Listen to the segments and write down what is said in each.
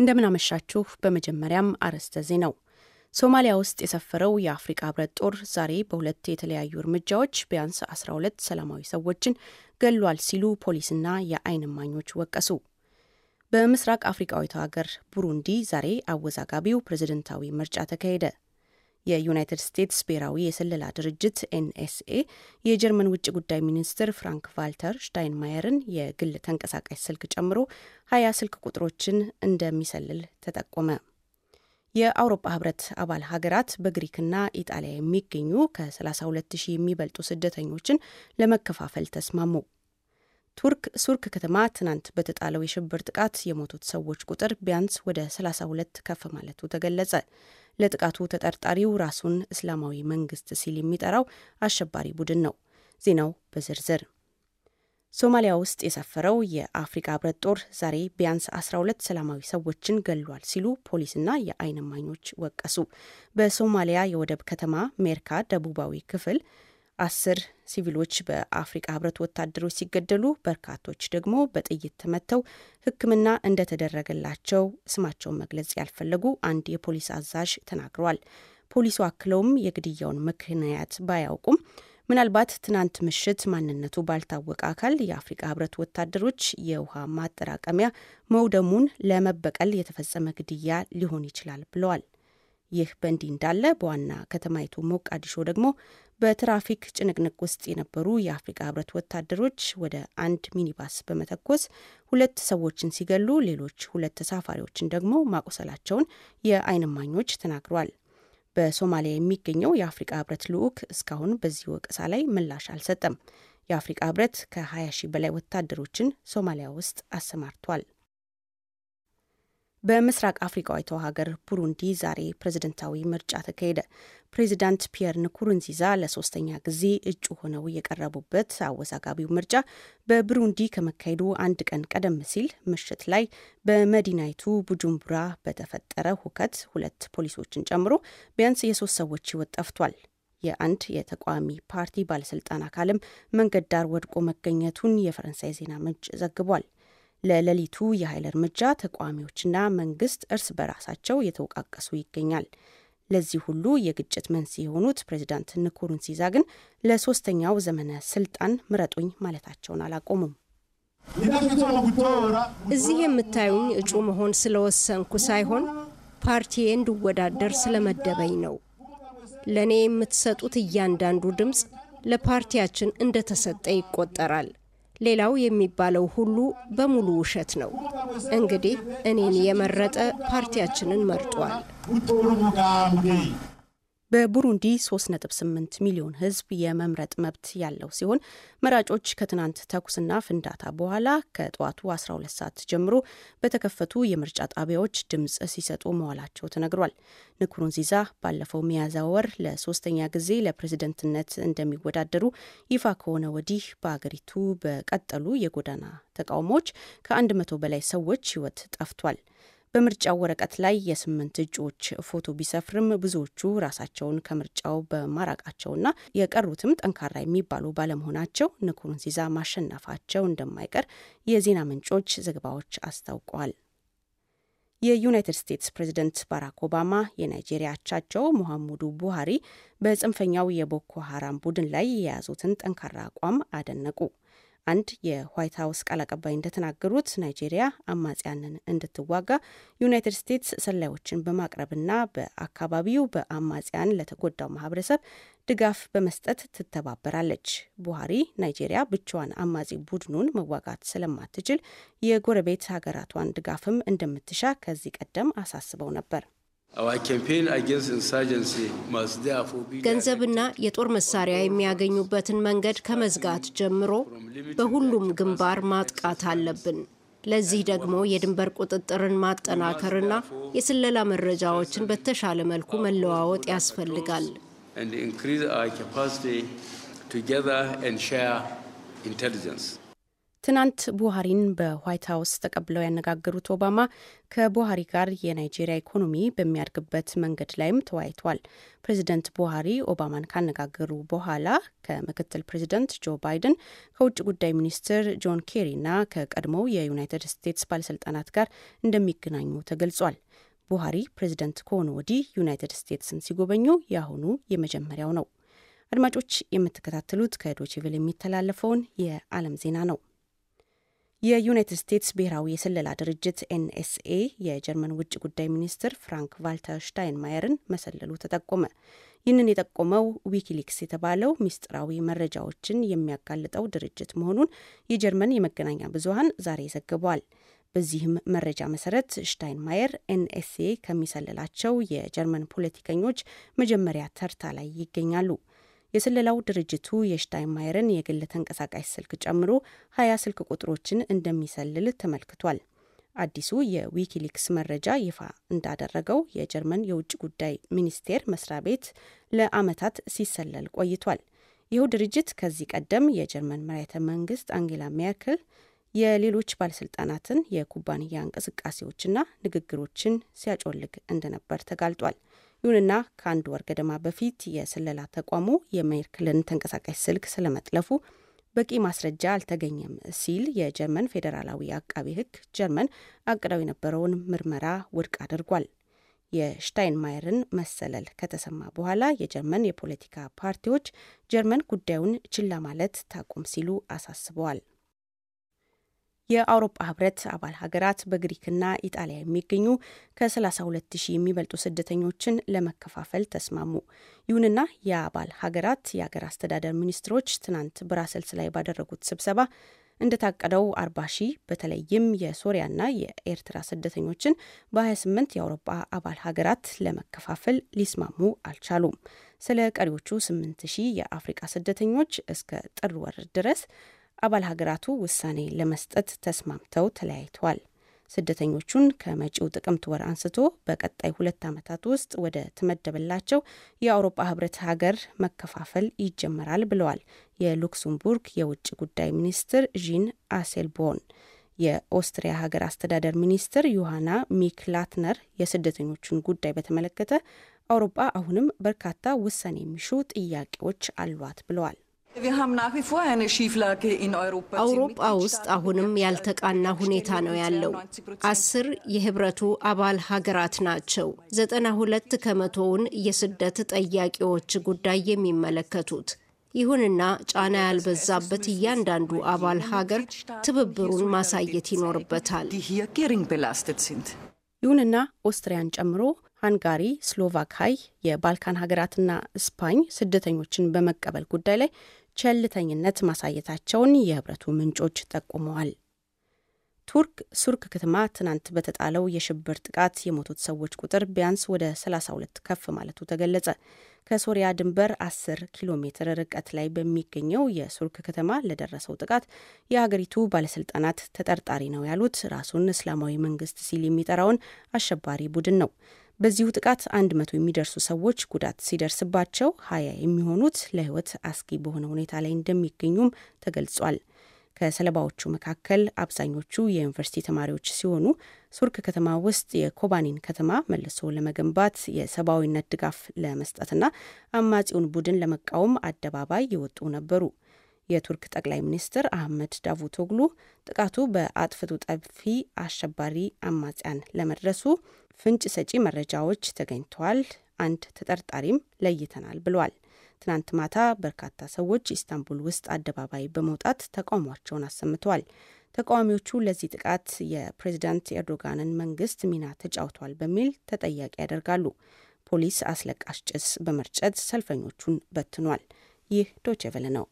እንደምናመሻችሁ። በመጀመሪያም አርዕስተ ዜናው ሶማሊያ ውስጥ የሰፈረው የአፍሪቃ ህብረት ጦር ዛሬ በሁለት የተለያዩ እርምጃዎች ቢያንስ 12 ሰላማዊ ሰዎችን ገሏል ሲሉ ፖሊስና የአይን እማኞች ወቀሱ። በምስራቅ አፍሪቃዊቷ ሀገር ቡሩንዲ ዛሬ አወዛጋቢው ፕሬዝደንታዊ ምርጫ ተካሄደ። የዩናይትድ ስቴትስ ብሔራዊ የስለላ ድርጅት ኤንኤስኤ የጀርመን ውጭ ጉዳይ ሚኒስትር ፍራንክ ቫልተር ሽታይንማየርን የግል ተንቀሳቃሽ ስልክ ጨምሮ ሀያ ስልክ ቁጥሮችን እንደሚሰልል ተጠቆመ። የአውሮፓ ህብረት አባል ሀገራት በግሪክና ኢጣሊያ የሚገኙ ከ32 ሺህ የሚበልጡ ስደተኞችን ለመከፋፈል ተስማሙ። ቱርክ ሱርክ ከተማ ትናንት በተጣለው የሽብር ጥቃት የሞቱት ሰዎች ቁጥር ቢያንስ ወደ 32 ከፍ ማለቱ ተገለጸ። ለጥቃቱ ተጠርጣሪው ራሱን እስላማዊ መንግስት ሲል የሚጠራው አሸባሪ ቡድን ነው። ዜናው በዝርዝር ሶማሊያ ውስጥ የሰፈረው የአፍሪካ ህብረት ጦር ዛሬ ቢያንስ 12 ሰላማዊ ሰዎችን ገሏል ሲሉ ፖሊስና የአይን እማኞች ወቀሱ። በሶማሊያ የወደብ ከተማ ሜርካ ደቡባዊ ክፍል አስር ሲቪሎች በአፍሪቃ ህብረት ወታደሮች ሲገደሉ በርካቶች ደግሞ በጥይት ተመተው ሕክምና እንደተደረገላቸው ስማቸውን መግለጽ ያልፈለጉ አንድ የፖሊስ አዛዥ ተናግረዋል። ፖሊሱ አክለውም የግድያውን ምክንያት ባያውቁም ምናልባት ትናንት ምሽት ማንነቱ ባልታወቀ አካል የአፍሪካ ህብረት ወታደሮች የውሃ ማጠራቀሚያ መውደሙን ለመበቀል የተፈጸመ ግድያ ሊሆን ይችላል ብለዋል። ይህ በእንዲህ እንዳለ በዋና ከተማይቱ ሞቃዲሾ ደግሞ በትራፊክ ጭንቅንቅ ውስጥ የነበሩ የአፍሪካ ህብረት ወታደሮች ወደ አንድ ሚኒባስ በመተኮስ ሁለት ሰዎችን ሲገሉ ሌሎች ሁለት ተሳፋሪዎችን ደግሞ ማቆሰላቸውን የአይንማኞች እማኞች ተናግሯል። በሶማሊያ የሚገኘው የአፍሪካ ህብረት ልዑክ እስካሁን በዚህ ወቀሳ ላይ ምላሽ አልሰጠም። የአፍሪካ ህብረት ከ20 ሺህ በላይ ወታደሮችን ሶማሊያ ውስጥ አሰማርቷል። በምስራቅ አፍሪካዊቷ ሀገር ቡሩንዲ ዛሬ ፕሬዝደንታዊ ምርጫ ተካሄደ። ፕሬዚዳንት ፒየር ንኩሩንዚዛ ለሶስተኛ ጊዜ እጩ ሆነው የቀረቡበት አወዛጋቢው ምርጫ በብሩንዲ ከመካሄዱ አንድ ቀን ቀደም ሲል ምሽት ላይ በመዲናይቱ ቡጁምቡራ በተፈጠረ ሁከት ሁለት ፖሊሶችን ጨምሮ ቢያንስ የሶስት ሰዎች ህይወት ጠፍቷል። የአንድ የተቃዋሚ ፓርቲ ባለስልጣን አካልም መንገድ ዳር ወድቆ መገኘቱን የፈረንሳይ ዜና ምንጭ ዘግቧል። ለሌሊቱ የኃይል እርምጃ ተቃዋሚዎችና መንግስት እርስ በራሳቸው እየተወቃቀሱ ይገኛል። ለዚህ ሁሉ የግጭት መንስኤ የሆኑት ፕሬዚዳንት ንኩሩንዚዛ ግን ለሶስተኛው ዘመነ ስልጣን ምረጡኝ ማለታቸውን አላቆሙም። እዚህ የምታዩኝ እጩ መሆን ስለወሰንኩ ሳይሆን ፓርቲዬ እንድወዳደር ስለመደበኝ ነው። ለእኔ የምትሰጡት እያንዳንዱ ድምፅ ለፓርቲያችን እንደተሰጠ ይቆጠራል። ሌላው የሚባለው ሁሉ በሙሉ ውሸት ነው። እንግዲህ እኔን የመረጠ ፓርቲያችንን መርጧል። በቡሩንዲ 3.8 ሚሊዮን ህዝብ የመምረጥ መብት ያለው ሲሆን መራጮች ከትናንት ተኩስና ፍንዳታ በኋላ ከጠዋቱ 12 ሰዓት ጀምሮ በተከፈቱ የምርጫ ጣቢያዎች ድምፅ ሲሰጡ መዋላቸው ተነግሯል። ንኩሩንዚዛ ባለፈው ሚያዝያ ወር ለሶስተኛ ጊዜ ለፕሬዝደንትነት እንደሚወዳደሩ ይፋ ከሆነ ወዲህ በአገሪቱ በቀጠሉ የጎዳና ተቃውሞዎች ከ100 በላይ ሰዎች ሕይወት ጠፍቷል። በምርጫው ወረቀት ላይ የስምንት እጩዎች ፎቶ ቢሰፍርም ብዙዎቹ ራሳቸውን ከምርጫው በማራቃቸውና የቀሩትም ጠንካራ የሚባሉ ባለመሆናቸው ንኩሩንዚዛ ማሸነፋቸው እንደማይቀር የዜና ምንጮች ዘገባዎች አስታውቀዋል። የዩናይትድ ስቴትስ ፕሬዝደንት ባራክ ኦባማ የናይጄሪያ አቻቸው ሙሐሙዱ ቡሃሪ በጽንፈኛው የቦኮ ሀራም ቡድን ላይ የያዙትን ጠንካራ አቋም አደነቁ። አንድ የዋይት ሀውስ ቃል አቀባይ እንደተናገሩት ናይጄሪያ አማጽያንን እንድትዋጋ ዩናይትድ ስቴትስ ሰላዮችን በማቅረብና በአካባቢው በአማጽያን ለተጎዳው ማህበረሰብ ድጋፍ በመስጠት ትተባበራለች። ቡሃሪ ናይጄሪያ ብቻዋን አማጺ ቡድኑን መዋጋት ስለማትችል የጎረቤት ሀገራቷን ድጋፍም እንደምትሻ ከዚህ ቀደም አሳስበው ነበር። ገንዘብና የጦር መሳሪያ የሚያገኙበትን መንገድ ከመዝጋት ጀምሮ በሁሉም ግንባር ማጥቃት አለብን። ለዚህ ደግሞ የድንበር ቁጥጥርን ማጠናከርና የስለላ መረጃዎችን በተሻለ መልኩ መለዋወጥ ያስፈልጋል። ትናንት ቡሃሪን በዋይት ሀውስ ተቀብለው ያነጋገሩት ኦባማ ከቡሃሪ ጋር የናይጄሪያ ኢኮኖሚ በሚያድግበት መንገድ ላይም ተወያይቷል። ፕሬዚደንት ቡሃሪ ኦባማን ካነጋገሩ በኋላ ከምክትል ፕሬዚደንት ጆ ባይደን፣ ከውጭ ጉዳይ ሚኒስትር ጆን ኬሪና ከቀድሞው የዩናይትድ ስቴትስ ባለስልጣናት ጋር እንደሚገናኙ ተገልጿል። ቡሃሪ ፕሬዚደንት ከሆኑ ወዲህ ዩናይትድ ስቴትስን ሲጎበኙ የአሁኑ የመጀመሪያው ነው። አድማጮች የምትከታተሉት ከዶችቪል የሚተላለፈውን የዓለም ዜና ነው። የዩናይትድ ስቴትስ ብሔራዊ የስለላ ድርጅት ኤንኤስኤ የጀርመን ውጭ ጉዳይ ሚኒስትር ፍራንክ ቫልተር ሽታይንማየርን መሰለሉ ተጠቆመ። ይህንን የጠቆመው ዊኪሊክስ የተባለው ሚስጥራዊ መረጃዎችን የሚያጋልጠው ድርጅት መሆኑን የጀርመን የመገናኛ ብዙሀን ዛሬ ዘግቧል። በዚህም መረጃ መሰረት ሽታይንማየር ኤንኤስኤ ከሚሰልላቸው የጀርመን ፖለቲከኞች መጀመሪያ ተርታ ላይ ይገኛሉ። የስለላው ድርጅቱ የሽታይንማየርን የግል ተንቀሳቃሽ ስልክ ጨምሮ ሀያ ስልክ ቁጥሮችን እንደሚሰልል ተመልክቷል። አዲሱ የዊኪሊክስ መረጃ ይፋ እንዳደረገው የጀርመን የውጭ ጉዳይ ሚኒስቴር መስሪያ ቤት ለዓመታት ሲሰለል ቆይቷል። ይህ ድርጅት ከዚህ ቀደም የጀርመን መራሄተ መንግስት አንጌላ ሜርክል የሌሎች ባለስልጣናትን የኩባንያ እንቅስቃሴዎችና ንግግሮችን ሲያጮልግ እንደነበር ተጋልጧል። ይሁንና ከአንድ ወር ገደማ በፊት የስለላ ተቋሙ የሜርክልን ተንቀሳቃሽ ስልክ ስለመጥለፉ በቂ ማስረጃ አልተገኘም ሲል የጀርመን ፌዴራላዊ አቃቤ ሕግ ጀርመን አቅዳው የነበረውን ምርመራ ውድቅ አድርጓል። የሽታይንማየርን መሰለል ከተሰማ በኋላ የጀርመን የፖለቲካ ፓርቲዎች ጀርመን ጉዳዩን ችላ ማለት ታቁም ሲሉ አሳስበዋል። የአውሮፓ ህብረት አባል ሀገራት በግሪክና ኢጣሊያ የሚገኙ ከ32 ሺህ የሚበልጡ ስደተኞችን ለመከፋፈል ተስማሙ። ይሁንና የአባል ሀገራት የአገር አስተዳደር ሚኒስትሮች ትናንት ብራሰልስ ላይ ባደረጉት ስብሰባ እንደታቀደው 40 ሺህ በተለይም የሶሪያና የኤርትራ ስደተኞችን በ28 የአውሮፓ አባል ሀገራት ለመከፋፈል ሊስማሙ አልቻሉም። ስለ ቀሪዎቹ 8 ሺህ የአፍሪቃ ስደተኞች እስከ ጥር ወር ድረስ አባል ሀገራቱ ውሳኔ ለመስጠት ተስማምተው ተለያይተዋል። ስደተኞቹን ከመጪው ጥቅምት ወር አንስቶ በቀጣይ ሁለት ዓመታት ውስጥ ወደ ተመደበላቸው የአውሮፓ ህብረት ሀገር መከፋፈል ይጀመራል ብለዋል የሉክስምቡርግ የውጭ ጉዳይ ሚኒስትር ዢን አሴልቦን። የኦስትሪያ ሀገር አስተዳደር ሚኒስትር ዮሃና ሚክላትነር የስደተኞቹን ጉዳይ በተመለከተ አውሮፓ አሁንም በርካታ ውሳኔ የሚሹ ጥያቄዎች አሏት ብለዋል። አውሮፓ ውስጥ አሁንም ያልተቃና ሁኔታ ነው ያለው። አስር የህብረቱ አባል ሀገራት ናቸው ዘጠና ሁለት ከመቶውን የስደት ጠያቂዎች ጉዳይ የሚመለከቱት። ይሁንና ጫና ያልበዛበት እያንዳንዱ አባል ሀገር ትብብሩን ማሳየት ይኖርበታል። ይሁንና ኦስትሪያን ጨምሮ ሃንጋሪ፣ ስሎቫካይ፣ የባልካን ሀገራትና ስፓኝ ስደተኞችን በመቀበል ጉዳይ ላይ ቸልተኝነት ማሳየታቸውን የህብረቱ ምንጮች ጠቁመዋል። ቱርክ ሱርክ ከተማ ትናንት በተጣለው የሽብር ጥቃት የሞቱት ሰዎች ቁጥር ቢያንስ ወደ 32 ከፍ ማለቱ ተገለጸ። ከሶሪያ ድንበር 10 ኪሎ ሜትር ርቀት ላይ በሚገኘው የሱርክ ከተማ ለደረሰው ጥቃት የሀገሪቱ ባለስልጣናት ተጠርጣሪ ነው ያሉት ራሱን እስላማዊ መንግስት ሲል የሚጠራውን አሸባሪ ቡድን ነው። በዚሁ ጥቃት አንድ መቶ የሚደርሱ ሰዎች ጉዳት ሲደርስባቸው ሀያ የሚሆኑት ለህይወት አስጊ በሆነ ሁኔታ ላይ እንደሚገኙም ተገልጿል። ከሰለባዎቹ መካከል አብዛኞቹ የዩኒቨርሲቲ ተማሪዎች ሲሆኑ ሱርክ ከተማ ውስጥ የኮባኒን ከተማ መልሶ ለመገንባት የሰብአዊነት ድጋፍ ለመስጠትና አማጺውን ቡድን ለመቃወም አደባባይ የወጡ ነበሩ። የቱርክ ጠቅላይ ሚኒስትር አህመድ ዳvuቶግሉ ጥቃቱ በአጥፍቱ ጠፊ አሸባሪ አማጽያን ለመድረሱ ፍንጭ ሰጪ መረጃዎች ተገኝተዋል፣ አንድ ተጠርጣሪም ለይተናል ብሏል። ትናንት ማታ በርካታ ሰዎች ኢስታንቡል ውስጥ አደባባይ በመውጣት ተቃውሟቸውን አሰምተዋል። ተቃዋሚዎቹ ለዚህ ጥቃት የፕሬዚዳንት ኤርዶጋንን መንግስት ሚና ተጫውቷል በሚል ተጠያቂ ያደርጋሉ። ፖሊስ አስለቃሽ ጭስ በመርጨት ሰልፈኞቹን በትኗል። ይህ ዶቼ ነው።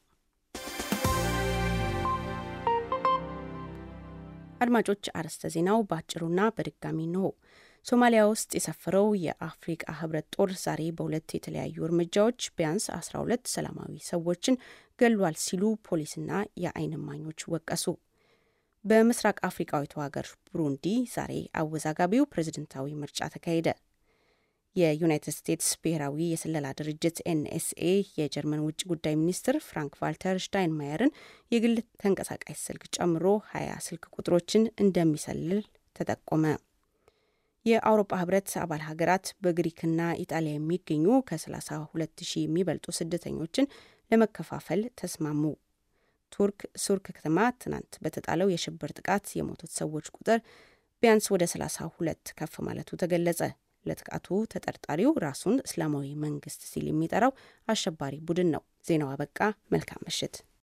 አድማጮች፣ አርዕስተ ዜናው በአጭሩና በድጋሚ ነው። ሶማሊያ ውስጥ የሰፈረው የአፍሪቃ ህብረት ጦር ዛሬ በሁለት የተለያዩ እርምጃዎች ቢያንስ 12 ሰላማዊ ሰዎችን ገሏል ሲሉ ፖሊስና የአይን እማኞች ወቀሱ። በምስራቅ አፍሪቃዊቱ ሀገር ቡሩንዲ ዛሬ አወዛጋቢው ፕሬዝደንታዊ ምርጫ ተካሄደ። የዩናይትድ ስቴትስ ብሔራዊ የስለላ ድርጅት ኤንኤስኤ የጀርመን ውጭ ጉዳይ ሚኒስትር ፍራንክ ቫልተር ሽታይንማየርን የግል ተንቀሳቃሽ ስልክ ጨምሮ ሀያ ስልክ ቁጥሮችን እንደሚሰልል ተጠቆመ። የአውሮፓ ህብረት አባል ሀገራት በግሪክና ኢጣሊያ የሚገኙ ከ32 ሺህ የሚበልጡ ስደተኞችን ለመከፋፈል ተስማሙ። ቱርክ ሱርክ ከተማ ትናንት በተጣለው የሽብር ጥቃት የሞቱት ሰዎች ቁጥር ቢያንስ ወደ 32 ከፍ ማለቱ ተገለጸ። ለጥቃቱ ተጠርጣሪው ራሱን እስላማዊ መንግስት ሲል የሚጠራው አሸባሪ ቡድን ነው። ዜናው አበቃ። መልካም ምሽት።